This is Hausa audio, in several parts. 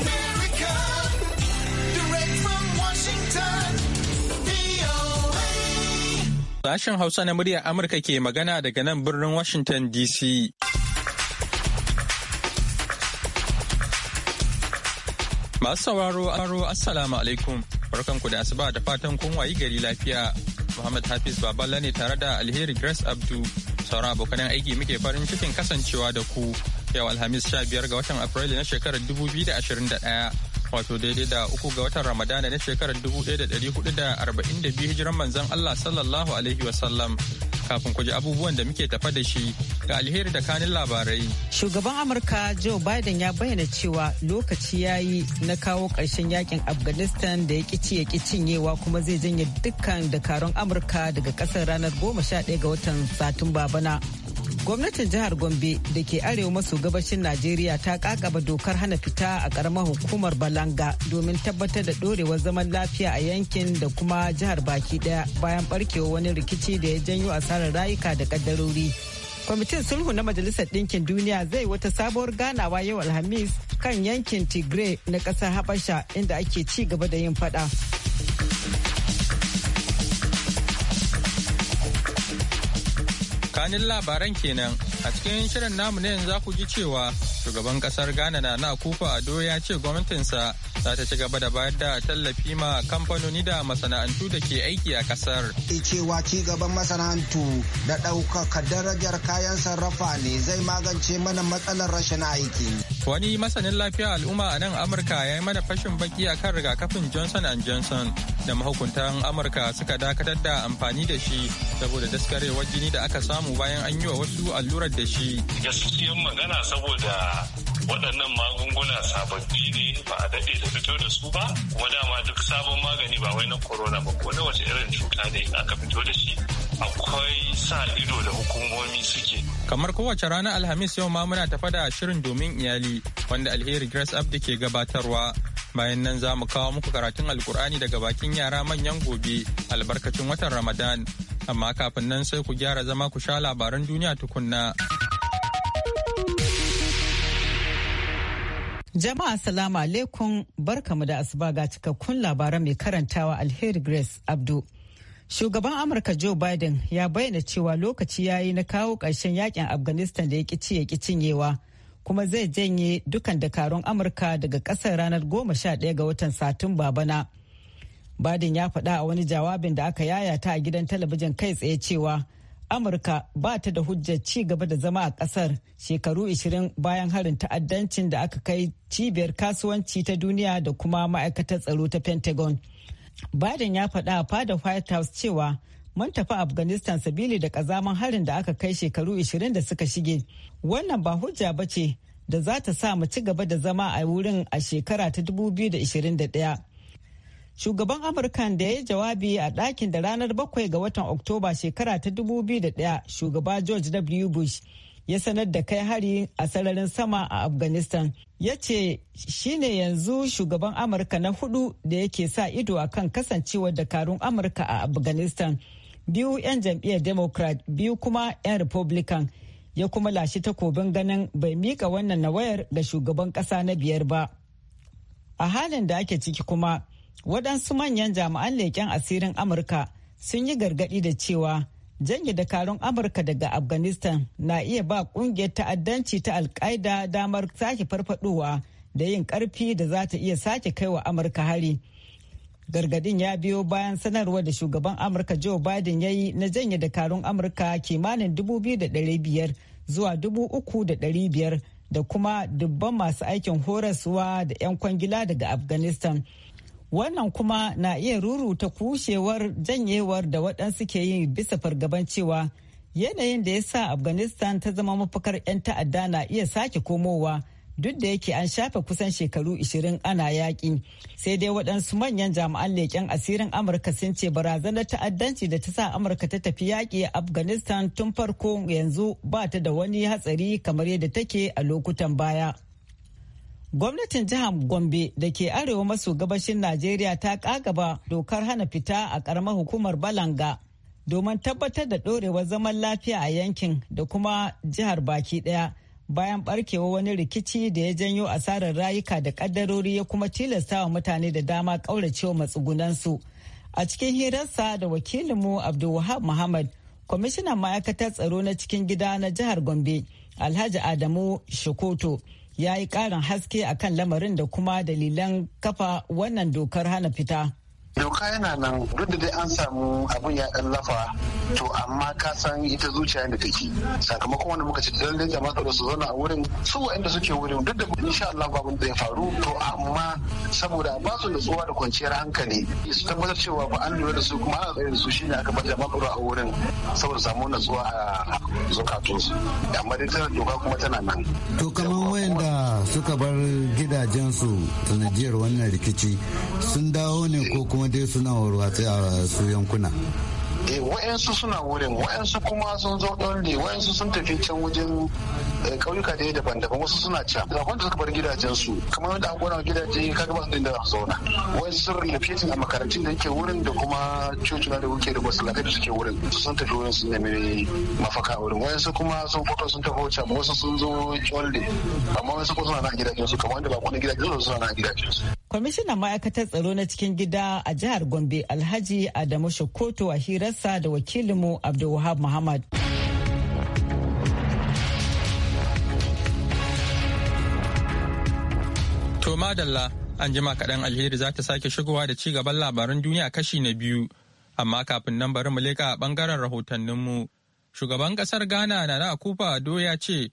America, direct from Washington, Sashen Hausa na muryar Amurka ke magana daga nan birnin Washington DC. Masu sauraro aro Assalamu alaikum. Barkanku da asuba da fatan kun wayi gari lafiya. Muhammad Hafiz Baballa ne tare da Alheri Grace Abdu. Saura abokanan aiki muke farin cikin kasancewa da ku. yau alhamis 15 ga watan afrilu na shekarar 2021 wato daidai da uku ga watan ramadana na shekarar 1442 hijiran manzon allah sallallahu alaihi wasallam kafin ku ji abubuwan da muke tafa da shi ga alheri da kanin labarai. Shugaban Amurka Joe Biden ya bayyana cewa lokaci ya yi na kawo ƙarshen yakin Afghanistan da ya kici ya cinyewa kuma zai janye dukkan dakarun Amurka daga ƙasar ranar 11 ga watan Satumba bana. gwamnatin jihar gombe da ke arewa maso gabashin najeriya ta kakaba dokar hana fita a karamar hukumar balanga domin tabbatar da dorewar zaman lafiya a yankin da kuma jihar baki daya bayan barkewa wani rikici da ya janyo asarar rayuka da kaddarori kwamitin sulhu na majalisar ɗinkin duniya zai wata sabuwar ganawa yau alhamis kan yankin tigray na ƙasar habasha inda ake ci gaba da yin faɗa. kanin labaran kenan a cikin shirin namu ne za ku ji cewa shugaban kasar ghana na na kufa ado ya ce gwamnatinsa za ta ci gaba da bayar da tallafi ma kamfanoni da masana'antu da ke aiki a kasar cewa ci gaban masana'antu da ɗaukaka darajar kayan sarrafa ne zai magance mana matsalar rashin aiki wani masanin lafiya al'umma a nan amurka ya yi mana fashin baki akan rigakafin johnson and johnson da mahukuntan amurka suka dakatar da amfani da shi saboda daskarewar jini da aka samu bayan an yi wa wasu allurar da shi. Gaskiyar magana saboda waɗannan magunguna sababbi ne ba a daɗe da fito da su ba kuma dama duk sabon magani ba wai na corona ba ko na wace irin cuta ne aka fito da shi akwai sa ido da hukumomi suke. Kamar kowace ranar Alhamis yau ma muna tafa da shirin domin iyali wanda alheri Grace Abdi ke gabatarwa bayan nan za mu kawo muku karatun alkur'ani daga bakin yara manyan gobe albarkacin watan ramadan amma kafin nan sai ku gyara zama ku sha labaran duniya tukunna jama'a salamu alaikum barkamu da asuba ga cikakkun labaran mai karantawa alheri grace abdu Shugaban Amurka Joe Biden ya bayyana cewa lokaci ya yi na kawo ƙarshen yakin Afghanistan da ya ƙi ci ya ƙi cinyewa. kuma zai janye dukan dakarun amurka daga kasar ranar goma sha 11 ga watan satumba bana badin ya faɗa a wani jawabin da aka yayata a gidan talabijin kai tsaye cewa amurka ba ta da hujjar ci gaba da zama a kasar shekaru 20 bayan harin ta'addancin da aka kai cibiyar kasuwanci ta duniya da kuma ma'aikatar tsaro ta pentagon biden ya faɗa a fada white house cewa mun tafi afghanistan sabili da kazaman harin da aka kai shekaru 20 da suka shige wannan ba hujja ba ce da za ta sa mu ci gaba da zama a wurin a shekara ta 2021 shugaban amurkan da ya yi jawabi a ɗakin da ranar 7 ga watan oktoba shekara ta 2001 shugaba george w bush ya sanar da kai hari a sararin sama a afghanistan ya ce shine yanzu shugaban amurka na hudu da yake sa ido a kan kasancewar dakarun amurka a afghanistan biyu 'yan jam'iyyar democrat biyu kuma 'yan republican ya kuma lashi takobin ganin bai mika wannan nawayar ga shugaban kasa na biyar ba a halin da ake ciki kuma waɗansu manyan jami'an leƙen asirin amurka sun yi gargaɗi da cewa janye dakarun amurka daga afghanistan na iya ba ƙungiyar ta'addanci ta alkaida damar sake farfadowa da yin ƙarfi da za ta iya sake kaiwa amurka hari. Gargadin ya biyo bayan sanarwar da shugaban Amurka Joe Biden ya yi na janye dakarun Amurka kimanin 2,500 zuwa 3,500 da kuma dubban masu aikin horaswa da 'yan kwangila daga Afghanistan. Wannan kuma na iya ruruta kushewar janyewar da waɗansu ke yi bisa fargaban cewa yanayin da ya sa Afghanistan ta zama mafakar 'yan ta'adda na iya sake komowa. duk da yake an shafe kusan shekaru 20 ana yaƙi sai dai waɗansu manyan jami'an leƙen asirin amurka sun ce barazanar ta'addanci da ta sa amurka ta tafi yaƙi a afghanistan tun farko yanzu ba ta da wani hatsari kamar yadda take a lokutan baya gwamnatin jihar gombe da ke arewa maso gabashin najeriya ta kagaba dokar hana fita a ƙaramar hukumar balanga domin tabbatar da ɗorewar zaman lafiya a yankin da kuma jihar baki ɗaya bayan barkewa wani rikici da ya janyo asarar rayuka da kaddarori ya kuma tilasta wa mutane da dama kauracewa matsugunansu. A cikin hirarsa da wakilinmu Abdulwahab Muhammad, kwamishinan ma'aikatar tsaro na cikin gida na jihar Gombe, Alhaji Adamu Shikoto, ya yi ƙarin haske akan lamarin da kuma dalilan kafa wannan dokar hana fita. doka yana nan duk da dai an samu abun ya dan lafa to amma ka san ita zuciya da take sakamakon wanda muka ce lallai jama'a tsaro su zauna a wurin su waɗanda suke wurin duk da insha Allah babu ya faru to amma saboda ba su nutsuwa da kwanciyar hankali su tabbatar cewa ba an lura da su kuma ana tsaye da su shine aka bar jama'a tsaro a wurin saboda samu nutsuwa a zukatunsu amma dai tana doka kuma tana nan to kamar wayanda suka bar gidajensu sanadiyar wannan rikici sun dawo ne ko kuma dai suna warwatsa a su yankuna eh wa'yansu suna wurin wa'yansu kuma sun zo ɗanle wa'yansu sun tafi can wajen eh, ƙauyuka da daban-daban wasu suna can zakon da suka bar gidajensu kamar yadda aka gona gidaje kaga ba su inda za su zauna wa'yansu sun relocation a makarantun da yake wurin da kuma cocina da wuke da masallatai da suke wurin sun tafi wurin sun nemi mafaka wurin wa'yansu kuma sun fito sun tafi wuce wasu sun zo ɗanle amma wasu kuma suna na gidajensu kamar yadda ba gidajen su suna na gidajensu. Kwamishinan ma'aikatar tsaro na cikin gida a jihar Gombe Alhaji Adamu shakoto a hirarsa da wakilinmu Abdulwahab Muhammad. To madalla an jima kaɗan alheri za ta sake shigowa da ci gaban labaran duniya kashi na biyu. Amma kafin nan bari mu leƙa a ɓangaren rahotanninmu. Shugaban ƙasar Ghana na Akufa Ado ya ce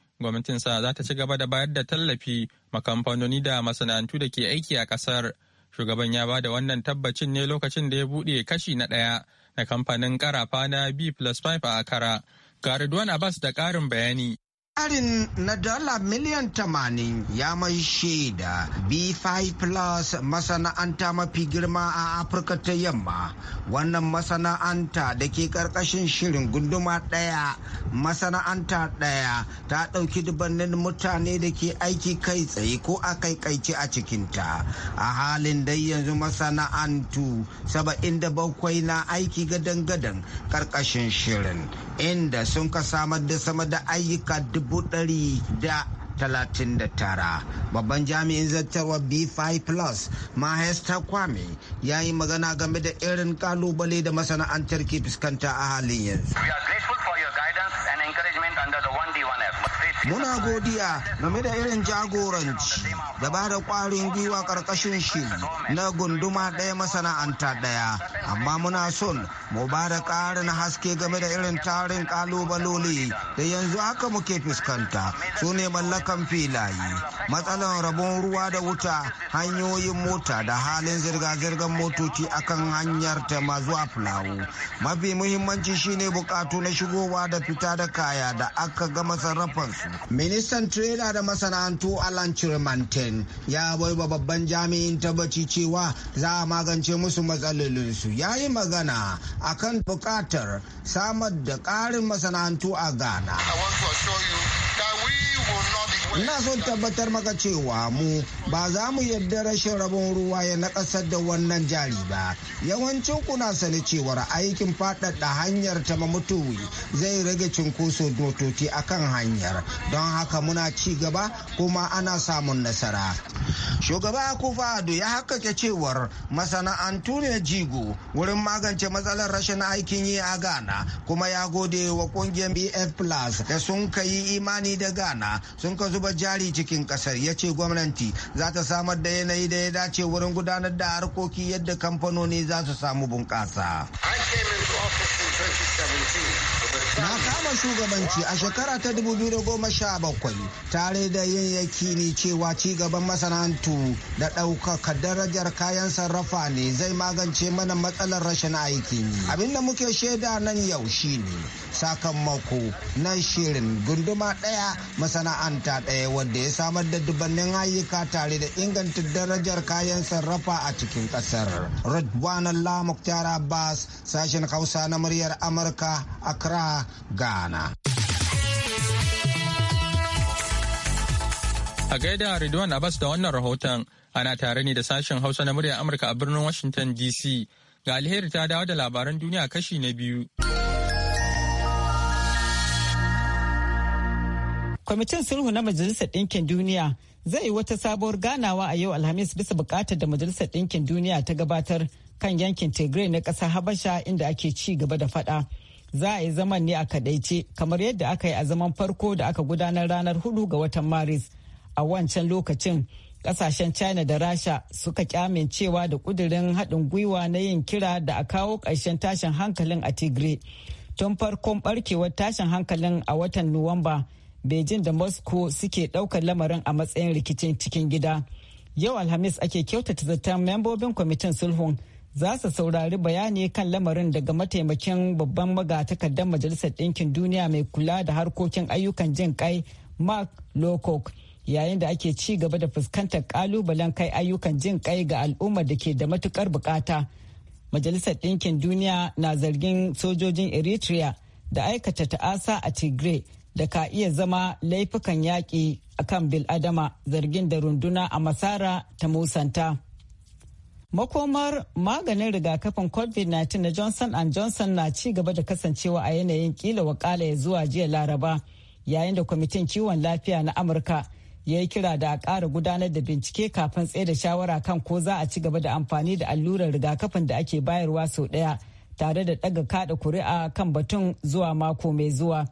sa za ta ci gaba da bayar da tallafi ma kamfanoni da masana'antu da ke aiki a kasar shugaban ya ba da wannan tabbacin ne lokacin da ya buɗe kashi na ɗaya na kamfanin karafa na b plus 5 a akara ga Abbas da ƙarin bayani sarin na dala miliyan tamanin ya mai shaida B5 Plus masana'anta mafi girma a Afirka ta yamma. Wannan masana'anta da ke karkashin shirin gunduma daya masana'anta daya ta ɗauki dubannin mutane da ke aiki kai tsaye ko a kai a cikinta. A halin dai yanzu masana'antu saba'in bakwai na aiki gadan-gadan karkashin shirin inda sun ka samar da sama da ayyuka dubu 1939 da tara babban jami'in zartarwa b5 plus mahesta kwame ya yi magana game da irin kalubale da masana'antar ke fuskanta a halin yanzu muna godiya game da irin jagoranci da ba da kwarin gwiwa karkashin shi na gunduma ɗaya masana'anta ɗaya amma muna son mu ba da ƙarin haske game da irin tarin ƙalubaloli da yanzu haka muke fuskanta su ne mallakan filaye matsalan rabon ruwa da wuta hanyoyin mota da halin zirga-zirgar motoci akan hanyar tema zuwa fulawu mafi muhimmanci shine bukatu na shigowa da fita da kaya da aka gama sarrafansu Ministan Tirela da masana'antu Alan Chirmanten ya baiwa babban jami'in tabbaci cewa za a magance musu matsalolinsu. Ya yi magana a kan buƙatar samar da ƙarin masana'antu a Ghana. ina son tabbatar maka cewa mu ba za mu yarda rashin rabon ruwa ya nakasar da wannan jari ba yawancin kuna sani cewar aikin faɗaɗa hanyar ta mamutuwi zai rage cinkoso a kan hanyar don haka muna ci gaba kuma ana samun nasara shugaba kufa ado ya hakake cewar masana'antu ne jigo wurin magance matsalar rashin aikin yi a ghana kuma ya gode wa kungiyar bf plus da sun ka yi imani da ghana sun ka zo. zuba jari cikin kasar ya ce gwamnati za ta samar da yanayi da ya dace wurin gudanar da harkoki yadda kamfanoni za su samu bunƙasa. Na kama shugabanci a shekara ta 2017 tare da yin yakini cewa cigaban masana'antu da ɗaukaka darajar kayan sarrafa ne zai magance mana matsalar rashin aiki abin da muke shaida nan yau shine sakamako na shirin gunduma ɗaya masana'anta ɗaya wanda ya samar da dubannin ayyuka tare da inganta darajar kayan sarrafa a cikin ƙasar. Radwan Allah Mukhtar Abbas sashen Hausa na muryar Amurka Accra, Ghana. A gaida Ridwan Abbas da wannan rahoton ana tare ne da sashen Hausa na muryar Amurka a birnin Washington DC. Ga alheri ta dawo da labaran duniya kashi na biyu. kwamitin sulhu na majalisar ɗinkin duniya zai yi wata sabuwar ganawa a yau alhamis bisa bukatar da majalisar ɗinkin duniya ta gabatar kan yankin tigray na ƙasar habasha inda ake ci gaba da fada za a yi zaman ne a kadaice kamar yadda aka yi a zaman farko da aka gudanar ranar hudu ga watan maris a wancan lokacin kasashen china da rasha suka kyamin cewa da kudirin haɗin gwiwa na yin kira da a kawo ƙarshen tashin hankalin a tigray tun farkon barkewar tashin hankalin a watan nuwamba beijing da moscow suke ɗaukar lamarin a matsayin rikicin cikin gida yau alhamis ake kyautata zaton membobin kwamitin sulhun za su saurari bayani kan lamarin daga mataimakin babban magatakardar majalisar ɗinkin duniya mai kula da harkokin ayyukan jin kai mark lowcock yayin da ake ci gaba da fuskantar kalubalen kai ayyukan jin kai ga al'ummar da ke da matukar bukata majalisar ɗinkin duniya na zargin sojojin eritrea da aikata ta'asa a tigray da ka iya zama laifukan yaƙi a kan biladama zargin da runduna a masara ta musanta. Makomar maganin rigakafin COVID-19 na Johnson Johnson na ci gaba da kasancewa a yanayin kila wakala ya zuwa jiya Laraba yayin da kwamitin kiwon lafiya na Amurka ya yi kira da a ƙara gudanar da bincike kafin tsaye da shawara kan ko za a ci gaba da amfani da allurar rigakafin da ake bayarwa sau ɗaya tare da ɗaga kaɗa kuri'a kan batun zuwa mako mai zuwa.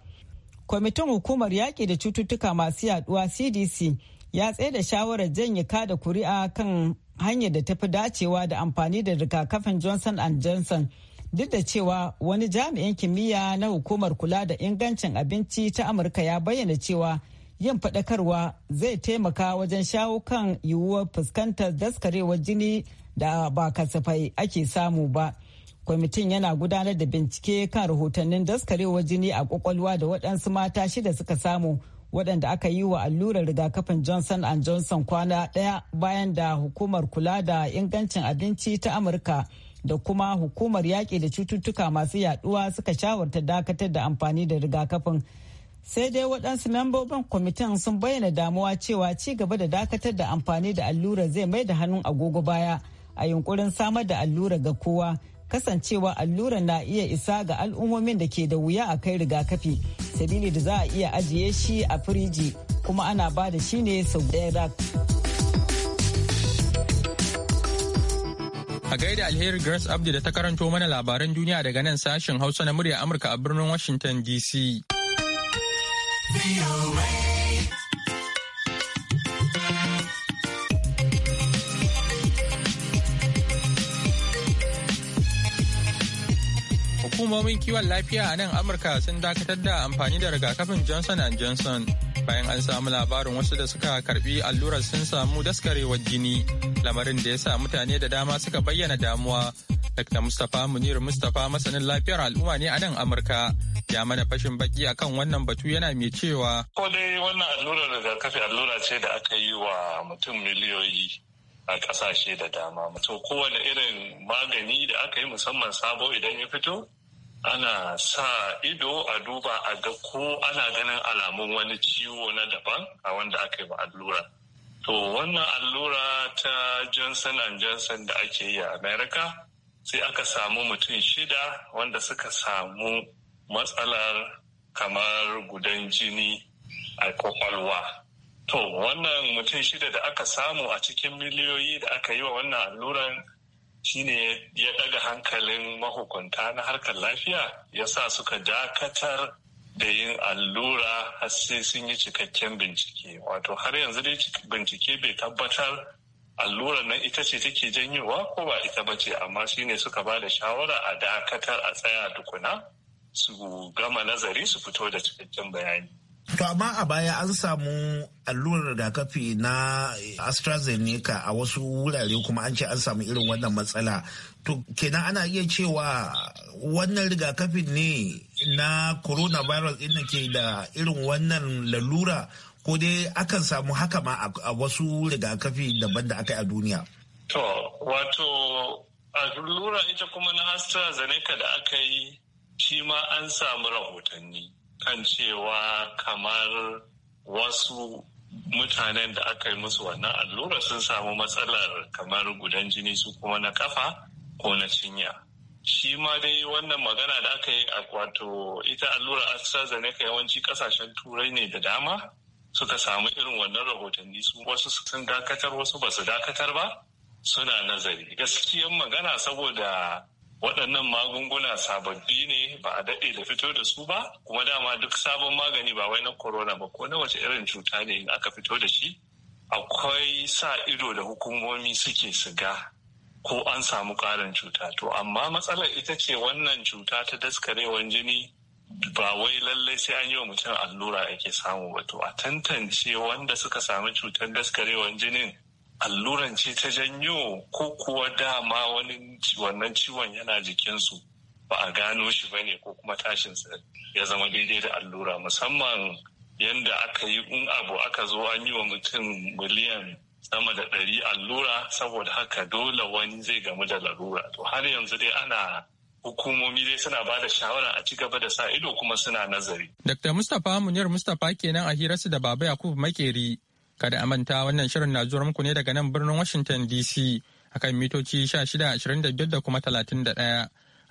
kwamitin hukumar yaƙi da cututtuka masu yaduwa cdc ya tsaye da shawarar janye kada kuri'a kan hanyar da tafi dacewa da amfani da rigakafin johnson and johnson duk da cewa wani jami'in kimiyya na hukumar kula da ingancin abinci ta amurka ya bayyana cewa yin faɗakarwa zai taimaka wajen shawo kan yiwuwar fuskantar daskarewar jini da ba kasafai ake samu ba. kwamitin yana gudanar da bincike kan rahotannin daskarewar jini a kwakwalwa da waɗansu mata shida suka samu waɗanda aka yi wa allurar rigakafin johnson and johnson kwana ɗaya bayan da hukumar kula da ingancin abinci ta amurka da kuma hukumar yaƙi da cututtuka masu yaɗuwa suka shawarta dakatar da amfani da rigakafin sai dai waɗansu membobin kwamitin sun bayyana damuwa cewa ci gaba da dakatar da amfani da allurar zai mai da hannun agogo baya a yunkurin samar da allura ga kowa kasancewa alluran na iya isa ga al'ummomin da ke da wuya a kai rigakafi sabili da za a iya ajiye shi a firiji kuma ana ba da shi ne sau ɗaya rak. A gaida alheri Grace Abdi da ta karanto mana labaran duniya daga nan sashen Hausa na murya Amurka a birnin Washington DC. Hukumomin kiwon lafiya a nan Amurka sun dakatar da amfani da rigakafin Johnson Johnson bayan an samu labarin wasu da suka karbi allurar sun samu daskarewar jini lamarin da ya sa mutane da dama suka bayyana damuwa. Dr. Mustapha Munir Mustapha masanin lafiyar al'umma ne a nan Amurka ya mana fashin baki akan wannan batu yana mai cewa. Ko dai wannan allurar rigakafi allura ce da aka yi wa mutum miliyoyi a kasashe da dama. To kowane irin magani da aka yi musamman sabo idan ya fito ana sa ido a duba a ga ko ana ganin alamun wani ciwo na daban a wanda aka yi ba allura. To wannan allura ta Johnson and Johnson da ake yi a America sai aka samu mutum shida wanda suka samu matsalar kamar gudan jini a kwakwalwa. To wannan mutum shida da aka samu a cikin miliyoyi da aka yi wa wannan alluran shine ya ɗaga hankalin mahukunta na harkar lafiya ya sa suka dakatar da yin allura har sai sun yi cikakken bincike wato har yanzu dai bincike bai tabbatar allurar nan ita ce take janyowa ko ba ita ba ce amma shine suka ba da shawara a dakatar a tsaya tukuna su gama nazari su fito da cikakken bayani To amma a baya an samu allurar rigakafi na AstraZeneca a wasu wurare kuma an ce an samu irin wannan matsala. To kenan ana iya cewa wannan rigakafi ne na coronavirus ɗin ke da irin wannan lalura ko dai akan samu haka ma a wasu rigakafi daban da aka yi a duniya. To wato allura ita kuma na AstraZeneca da aka yi shi ma an samu rahotanni. kan cewa kamar wasu mutanen da aka yi musu wannan allura sun samu matsalar kamar gudan jini su kuma na kafa ko na cinya shi ma dai wannan magana da aka yi a wato ita allura astrazeneca yawanci kasashen turai ne da dama suka samu irin wannan rahotanni su wasu sun dakatar wasu ba su dakatar ba suna nazari gaskiyan magana saboda waɗannan magunguna sababbi ne ba a daɗe da fito da su ba kuma dama duk sabon magani ba wai na corona ba ko na wace irin cuta ne aka fito da shi akwai sa ido da hukumomi suke siga ko an samu ƙarin cuta to amma matsalar ita ce wannan cuta ta daskarewar jini ba wai lallai sai an yi wa mutum allura ake samu ba to a tantance wanda suka samu cutar daskarewar jinin alluran ce ta janyo ko kuwa dama wani wannan ciwon yana jikinsu ba a gano shi ba ne ko kuma tashin ya zama daidai da allura musamman yadda aka yi in abu aka zo an yi wa mutum miliyan sama da ɗari allura saboda haka dole wani zai gamu da larura to har yanzu dai ana hukumomi dai suna ba da shawara a ci gaba da sa ido kuma suna nazari. Dr. Mustapha Munir Mustapha kenan a hirarsu da Baba Yakubu Makeri Kada a manta wannan shirin na zuwa muku ne daga nan birnin Washington DC akan mitoci 1625 da kuma 31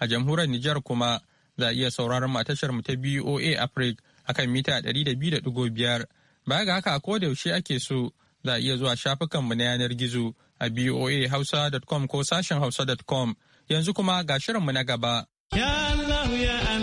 a jamhuriyar Nijar kuma za a iya sauraron mu tashar mu ta BOA Africa akan mita 200.5 baya ga haka a koda yaushe ake so za a iya zuwa shafukan mu na yanar gizo a boahausa.com ko sashen hausa.com yanzu kuma ga shirin mu na gaba. Ya ya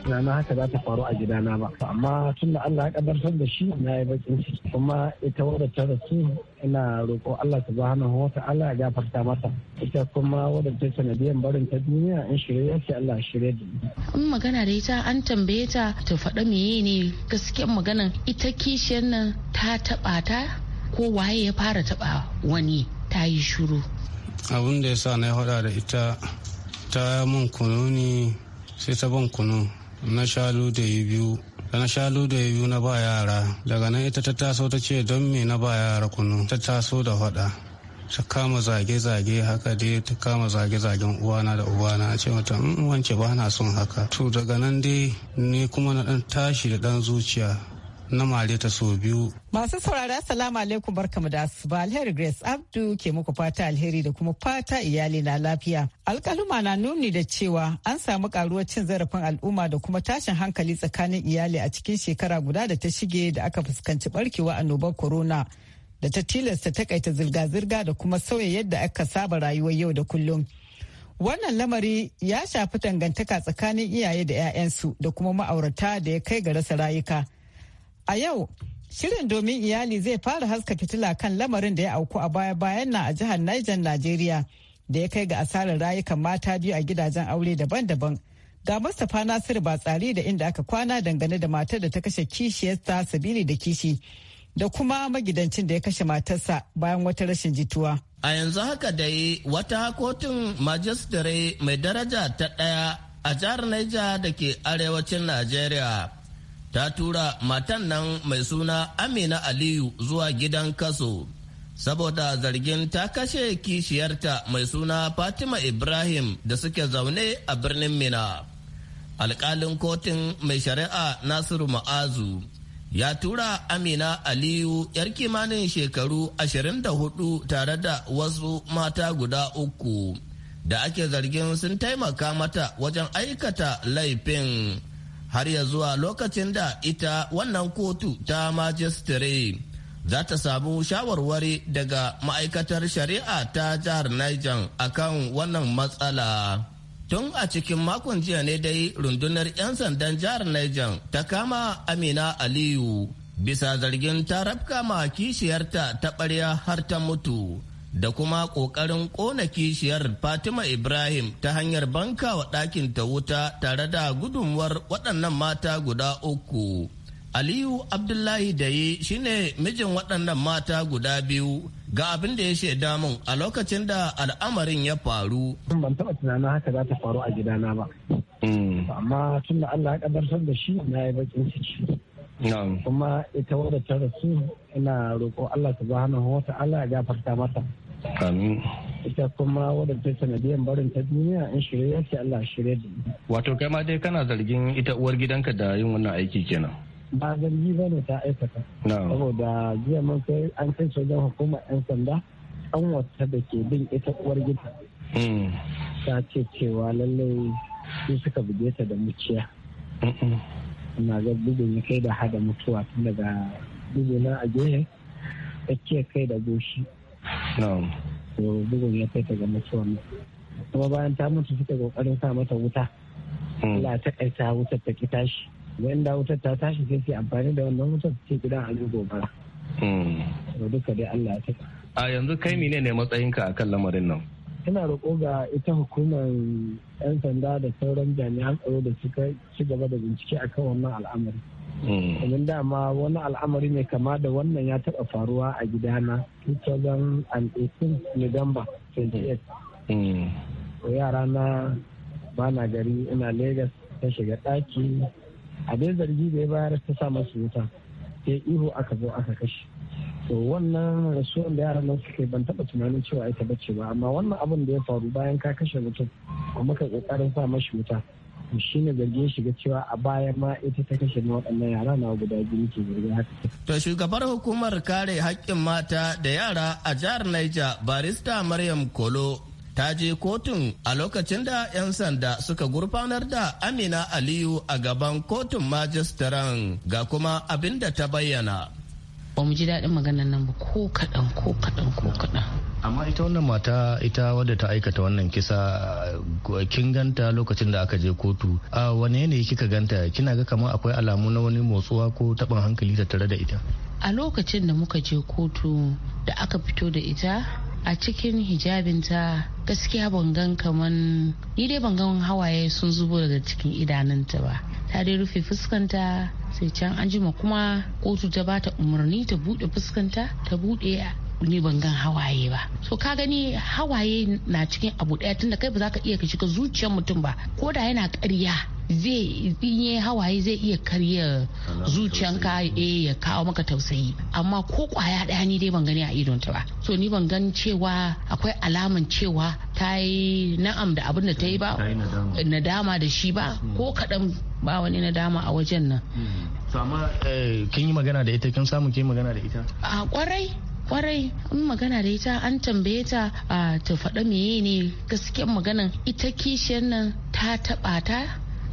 tunanin haka za ta faru a gidana ba amma tun da Allah ya kabartar da shi na yi bakin ciki kuma ita wadda ta rasu ina roƙo Allah ta bani wa Allah ya gafarta mata ita kuma wadda ta sanadiyan barin ta duniya in shirye ce Allah shirye da in magana da ita an tambaye ta ta faɗa meye ne gaskiyar maganan ita kishiyar nan ta taɓa ta ko waye ya fara taɓa wani ta yi shuru abin da ya sa na ya da ita ta mun kunu ne sai ta ban kunu na shalu da biyu na shalu da biyu na ba yara daga nan ita ta taso ta ce don me na ba yara kunu ta taso da faɗa ta kama zage-zage haka dai ta kama zage-zagen uwana da uwana a ce mata mm, wance ba na son haka to daga nan dai ne kuma na ɗan tashi da ɗan zuciya na mare ta so biyu. Masu saurara salamu alaikum barkamu da asuba alheri Grace Abdu ke muku fata alheri da kuma fata iyali na lafiya. Alkaluma na nuni da cewa an samu karuwar cin zarafin al'umma da kuma tashin hankali tsakanin iyali a cikin shekara guda da ta shige da aka fuskanci barkewa annobar corona da ta tilasta takaita zirga-zirga da kuma sauya yadda aka saba rayuwar yau da kullum. Wannan lamari ya shafi dangantaka tsakanin iyaye da 'ya'yansu da kuma ma'aurata da ya kai ga rasa rayuka. A yau, shirin domin iyali zai fara haska fitila kan lamarin da ya auku a baya-bayan na a jihar Niger Najeriya da ya kai ga asarar rayukan mata biyu a gidajen aure daban-daban. Ga Mustapha Nasiru Batsari da inda aka kwana dangane da matar da ta kashe kishiyarsa Sabili da kishi da kuma magidancin da ya kashe matarsa bayan wata rashin jituwa. A yanzu haka dai wata kotun majistare mai daraja ta ɗaya a jihar Niger da ke arewacin Najeriya ta tura matan nan mai suna Amina Aliyu zuwa gidan kaso saboda zargin ta kashe kishiyarta mai suna Fatima Ibrahim da suke zaune a birnin Mina. alkalin kotun mai shari'a Nasiru Ma'azu ya tura Amina Aliyu yar kimanin shekaru 24 tare da wasu mata guda uku da ake zargin sun taimaka mata wajen aikata laifin. har ya zuwa lokacin da ita wannan kotu ta majistare za ta samu shawarwari daga ma'aikatar shari'a ta jihar Niger akan wannan matsala. Tun a cikin makon jiya ne dai rundunar 'yan sandan jihar Niger ta kama Amina Aliyu bisa zargin ta rafka ma kishiyarta ta ɓarya har ta mutu. da kuma ƙoƙarin kona kishiyar Fatima Ibrahim ta hanyar banka wa ɗakin ta wuta tare da gudunwar waɗannan mata guda uku. Aliyu Abdullahi Daye shine mijin waɗannan mata guda biyu ga abin da ya shaida mun a lokacin da al'amarin ya faru. Ban taɓa tunanin haka za ta faru a gidana ba. Mm. Amma tun da Allah ya da shi na yi baƙin ciki. kuma ita wadda ta rasu ina roƙo Allah hana wata Allah ya gafarta mata Amin. Ita kuma wadda ta sanadiyar barin ta duniya in shirye ya ce Allah shirye da Wato kai ma dai kana zargin ita uwar gidanka da yin wannan aiki kenan. Ba zargi ba ne ta aikata. Saboda jiya mun kai an kai sojan hukumar 'yan sanda an wata da ke bin ita uwar gida. Mm. Ta ce cewa lallai su suka buge ta da muciya. Na ga bugun ya kai da hada mutuwa tun daga bugu na a gehe ce kai da goshi to bugun ya kai ta ga mutuwar kuma bayan ta mutu suka kokarin sa mata wuta hmm. Allah ta kai ta wutar ta ki tashi wanda wutar ta tashi sai sai amfani da wannan wutar ce gidan a gobara hmm. to duka dai Allah ta taka a yanzu kai mine ne matsayinka akan lamarin nan ina roƙo ga ita hukumar 'yan sanda da sauran jami'an tsaro da suka ci gaba da bincike akan wannan al'amari Mm. domin dama wani al'amari ne kama da wannan ya taɓa faruwa a gidana 2018 november 28 mm. yara na ba na gari ina legas ta shiga ɗaki a dai zargi da ya bayar ta sa masu wuta sai ihu aka zo aka kashe to wannan rasuwan da yaran nan suke ban taɓa tunanin cewa ita bace ba amma wannan abin da ya faru bayan ka kashe mutum kuma ka ƙoƙarin sa mashi wuta shi ne zargin shiga cewa a baya ma ita ta kashe waɗannan yara na guda biyu ke zargin haka. To shugabar hukumar kare haƙƙin mata da yara a jihar Niger barista Maryam Kolo ta je kotun a lokacin da 'yan sanda suka gurfanar da Amina Aliyu a gaban kotun majistaran ga kuma abin da ta bayyana. Ba mu ji daɗin maganar nan ba ko kaɗan ko kaɗan ko kaɗan. amma ita wannan mata ita wadda ta aikata wannan kisa kin ganta lokacin da aka je kotu a wane yanayi kika ganta kina ga kamar akwai alamu na wani motsuwa ko taɓin hankali ta tare da ita a lokacin da muka je kotu da aka fito da ita a cikin hijabinta gaskiya ban gan kaman ni dai ban gan hawaye sun zubo daga cikin idanunta ba ta dai rufe fuskanta sai can an kuma kotu ta bata umarni ta bude fuskanta ta bude ni ban gan hawaye ba so ka gani hawaye na cikin abu daya tunda kai ba za ka iya ka shiga zuciyar mutum ba ko da yana karya zai in hawaye zai iya karya zuciyanka eh ya kawo maka tausayi amma ko kwaya daya ni dai ban gani a idon ta ba so ni ban gan cewa akwai alaman cewa ta yi na'am da abin da ta yi ba nadama da shi ba hmm. ko kaɗan ba wani nadama a wajen nan. Hmm. amma eh, kin yi magana da ita kin samu kin magana da ita? a kwarai kwarai in magana da ita an tambaye ta ta faɗa meye ne gaskiyar maganan ita kishiyar nan ta taɓa ta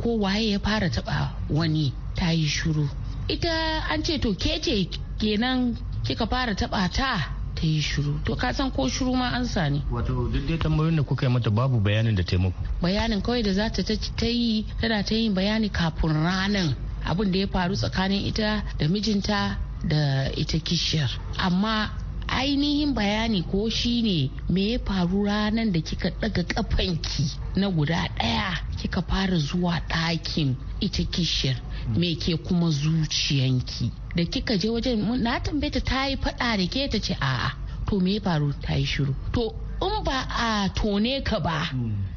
ko waye ya fara taɓa wani ta yi shuru ita an ce to ke ce kenan kika fara taɓa ta ta yi shuru to ka san ko shuru ma an sa ne. wato duk dai tambayoyin da kuka yi mata babu bayanin da taimako bayanin kawai da za ta ta yi tana ta yin bayani kafin ranan abin da ya faru tsakanin ita da mijinta da ita kishiyar amma ainihin bayani ko shine me ya faru ranar da kika daga kafanki na guda ɗaya kika fara zuwa ɗakin ita kishir me ke kuma zuciyanki da kika je wajen na tambayeta ta yi faɗa da ke ta ce a'a to me ya faru ta yi shiru to in ba a tone ka ba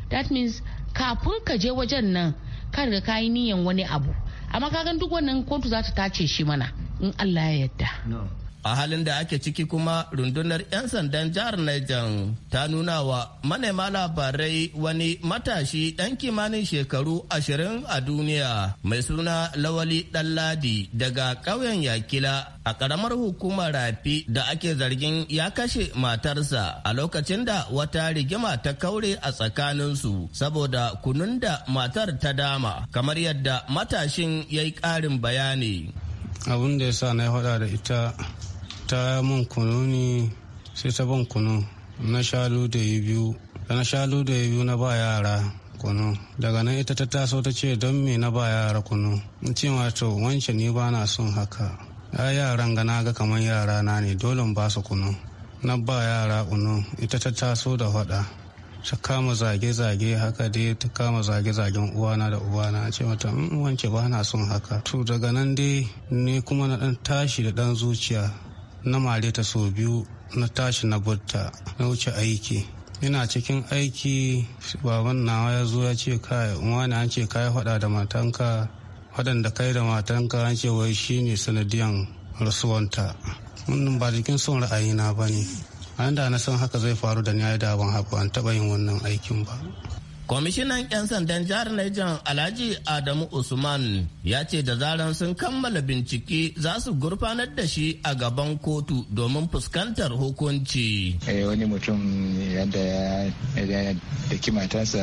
that means kafin ka je wajen nan kan ka kayi niyan wani abu amma kagan duk wannan kotu za ta tace shi mana in Allah ya yarda a halin da ake ciki kuma rundunar 'yan sandan jihar Niger ta nuna wa manema labarai wani matashi ɗan kimanin shekaru ashirin a duniya mai suna lawali ɗanladi daga ƙauyen yakila a ƙaramar hukumar rafi da ake zargin ya kashe matarsa a lokacin da wata rigima ta kaure a tsakaninsu saboda kunun da matar ta dama kamar yadda matashin ya yi ƙarin bayani abin da ya sa na ya faɗa da ita ta mun kunu ne sai ta ban kunu na shalu da ya biyu na shalu da ya biyu na ba yara kunu daga nan ita ta taso ta ce don me na ba yara kunu in ce wato wancan ni ba na son haka ya yaran gana ga kamar yara na ne dole ba su kunu na ba yara kunu ita ta taso da hada ta kama zage-zage haka dai ta kama zage-zagen uwana da uwana ce mata mm, wance ba na son haka to daga nan dai ne kuma na dan tashi da dan zuciya na maleta sau biyu na tashi na butta na wuce aiki ina cikin aiki baban nawa ya zo ya ce kai wani an ce kai faɗa da matanka waɗanda kai da matanka an ce wai shi ne sanadiyan rasuwanta wannan ba jikin son ra'ayina ba ne an da na san haka zai faru da ni da ban haɓu an taɓa yin wannan aikin ba Kwamishinan 'yan sandan jihar Niger Alhaji Adamu Usman ya ce da zaran sun kammala bincike za su gurfanar da shi a gaban kotu domin fuskantar hukunci. Eh, wani mutum yadda ya da kimatansa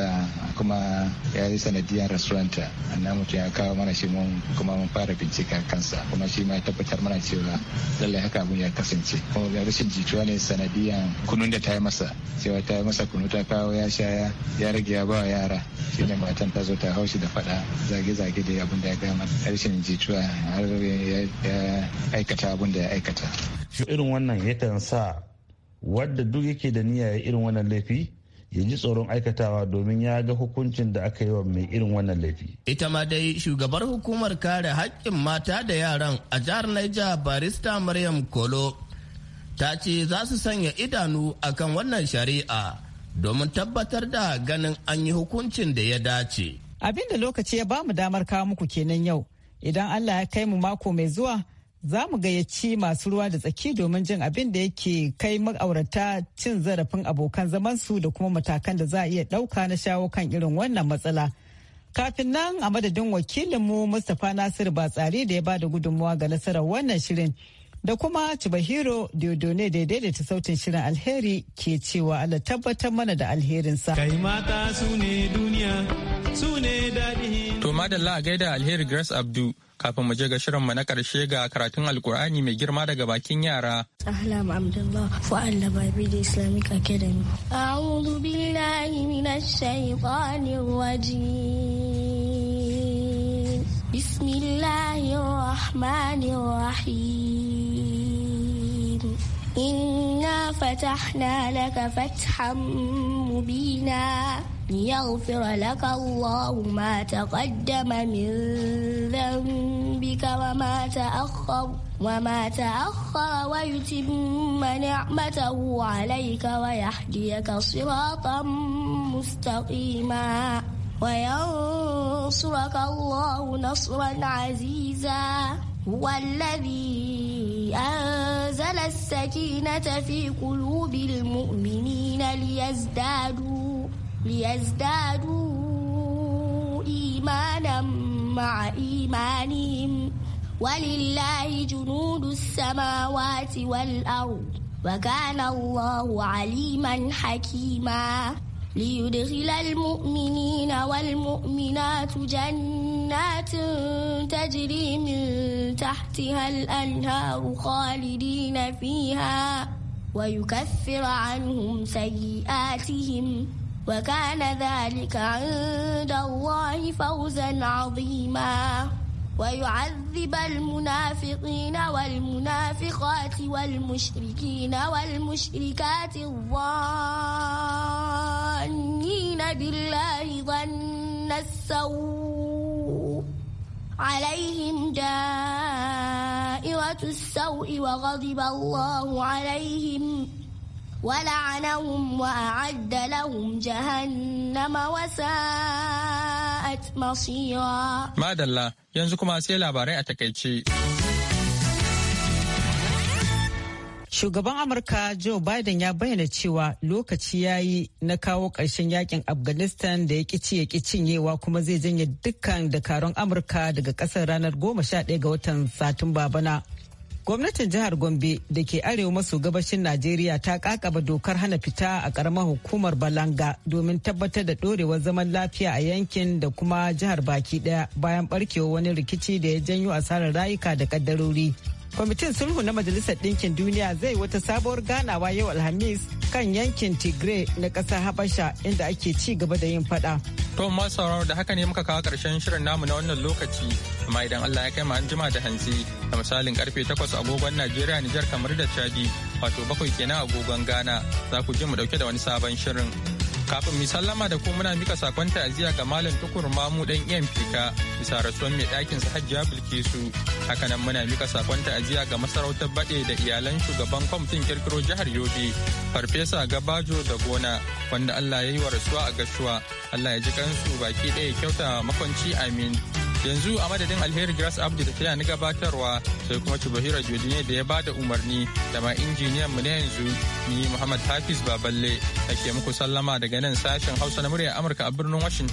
kuma ya yi sanadiyar restauranta annan mutum ya kawo mana shi mun kuma mun fara bincika kansa kuma shi ma ya tabbatar mana cewa lallai haka abun ya kasance kuma ga rashin jituwa ne sanadiyan kunun da ta yi masa cewa ta yi masa kunu ta kawo ya sha ya rage ya ba wa yara shine matan ta zo ta haushi da fada zage-zage da abin da ya gama harshen jituwa har ya aikata abin da ya aikata shi irin wannan yakan sa wadda duk yake da niyya ya irin wannan laifi ya ji tsoron aikatawa domin ya ga hukuncin da aka yi wa mai irin wannan laifi. Ita ma dai shugabar hukumar kare haƙƙin mata da yaran a jihar Naija barista Maryam Kolo ta ce za su sanya idanu akan wannan shari'a. domin tabbatar da ganin an yi hukuncin da ya dace. Abin da lokaci ya bamu damar kawo muku kenan yau. Idan Allah ya kai mu mako mai zuwa, za mu gayyaci masu ruwa da tsaki domin jin abin da yake kai ma'aurata cin zarafin abokan zamansu da kuma matakan da za a iya ɗauka na shawo kan irin wannan matsala. Kafin nan a madadin wakilinmu Mustapha Nasiru Batsari da ya ba da gudunmawa ga nasarar wannan shirin. da kuma Chibahiro Diodone da ta sautin shirin alheri ke cewa Allah tabbatar mana da alherinsa. Kai mata su ne duniya, su ne daɗi. To madalla a gaida alheri Grace Abdu. Kafin mu je ga shirinmu na ƙarshe ga karatun Alkur'ani mai girma daga bakin yara. Ahlam Abdullah fa'al lababi da Islamic Academy. A'udhu billahi minash shaitanir rajim. بسم الله الرحمن الرحيم إنا فتحنا لك فتحا مبينا ليغفر لك الله ما تقدم من ذنبك وما تأخر وما تأخر ويتم نعمته عليك ويهديك صراطا مستقيما وينصرك الله نصرا عزيزا هو الذي أنزل السكينة في قلوب المؤمنين ليزدادوا ليزدادوا إيمانا مع إيمانهم ولله جنود السماوات والأرض وكان الله عليما حكيما ليدخل المؤمنين والمؤمنات جنات تجري من تحتها الأنهار خالدين فيها ويكفر عنهم سيئاتهم وكان ذلك عند الله فوزا عظيما ويعذب المنافقين والمنافقات والمشركين والمشركات الظالمين المستعين بالله ظن السوء عليهم دائرة السوء وغضب الله عليهم ولعنهم وأعد لهم جهنم وساءت مصيرا ما دلا ينزكم أسئلة بارئة كيتشي Shugaban Amurka Joe Biden ya bayyana cewa lokaci ya yi na kawo ƙarshen yakin Afghanistan da ya ƙici ya ƙi cinyewa kuma zai janye dukkan dakarun Amurka daga ƙasar ranar 11 ga watan Satumba bana. Gwamnatin jihar Gombe da ke arewa maso gabashin Najeriya ta kakaba dokar hana fita a ƙaramar hukumar Balanga domin tabbatar da ɗorewar zaman lafiya a yankin da kuma jihar baki ɗaya bayan ɓarkewar wani rikici da ya janyo asarar rayuka da ƙaddarori. kwamitin sulhu na majalisar ɗinkin duniya zai wata sabuwar ganawa yau alhamis kan yankin tigray na ƙasar habasha inda ake ci gaba da yin fada to masu da haka ne muka kawo ƙarshen shirin namu na wannan lokaci amma idan allah ya kai mu an da hantsi da misalin karfe 8 agogon najeriya nijar kamar da chadi wato bakwai kenan agogon ghana za ku ji mu dauke da wani sabon shirin kafin mu sallama da ku muna mika sakon ta'aziyya ga malam tukur mamu dan iyan fika bisa rasuwan mai ɗakin sa hajjiya bilkisu hakanan muna mika sakon ta'aziyya ga masarautar baɗe da iyalan shugaban kwamitin kirkiro jihar yobe farfesa gabajo da gona wanda allah ya yi wa rasuwa a gashuwa allah ya ji kansu baki ɗaya kyauta makwanci amin yanzu a madadin alheri gras abdi da tana gabatarwa sai kuma bahira jodine da ya ba da umarni da ma injiniyan mu na yanzu ni muhammad hafiz baballe ake muku sallama daga nan sashen hausa na murya amurka a birnin washington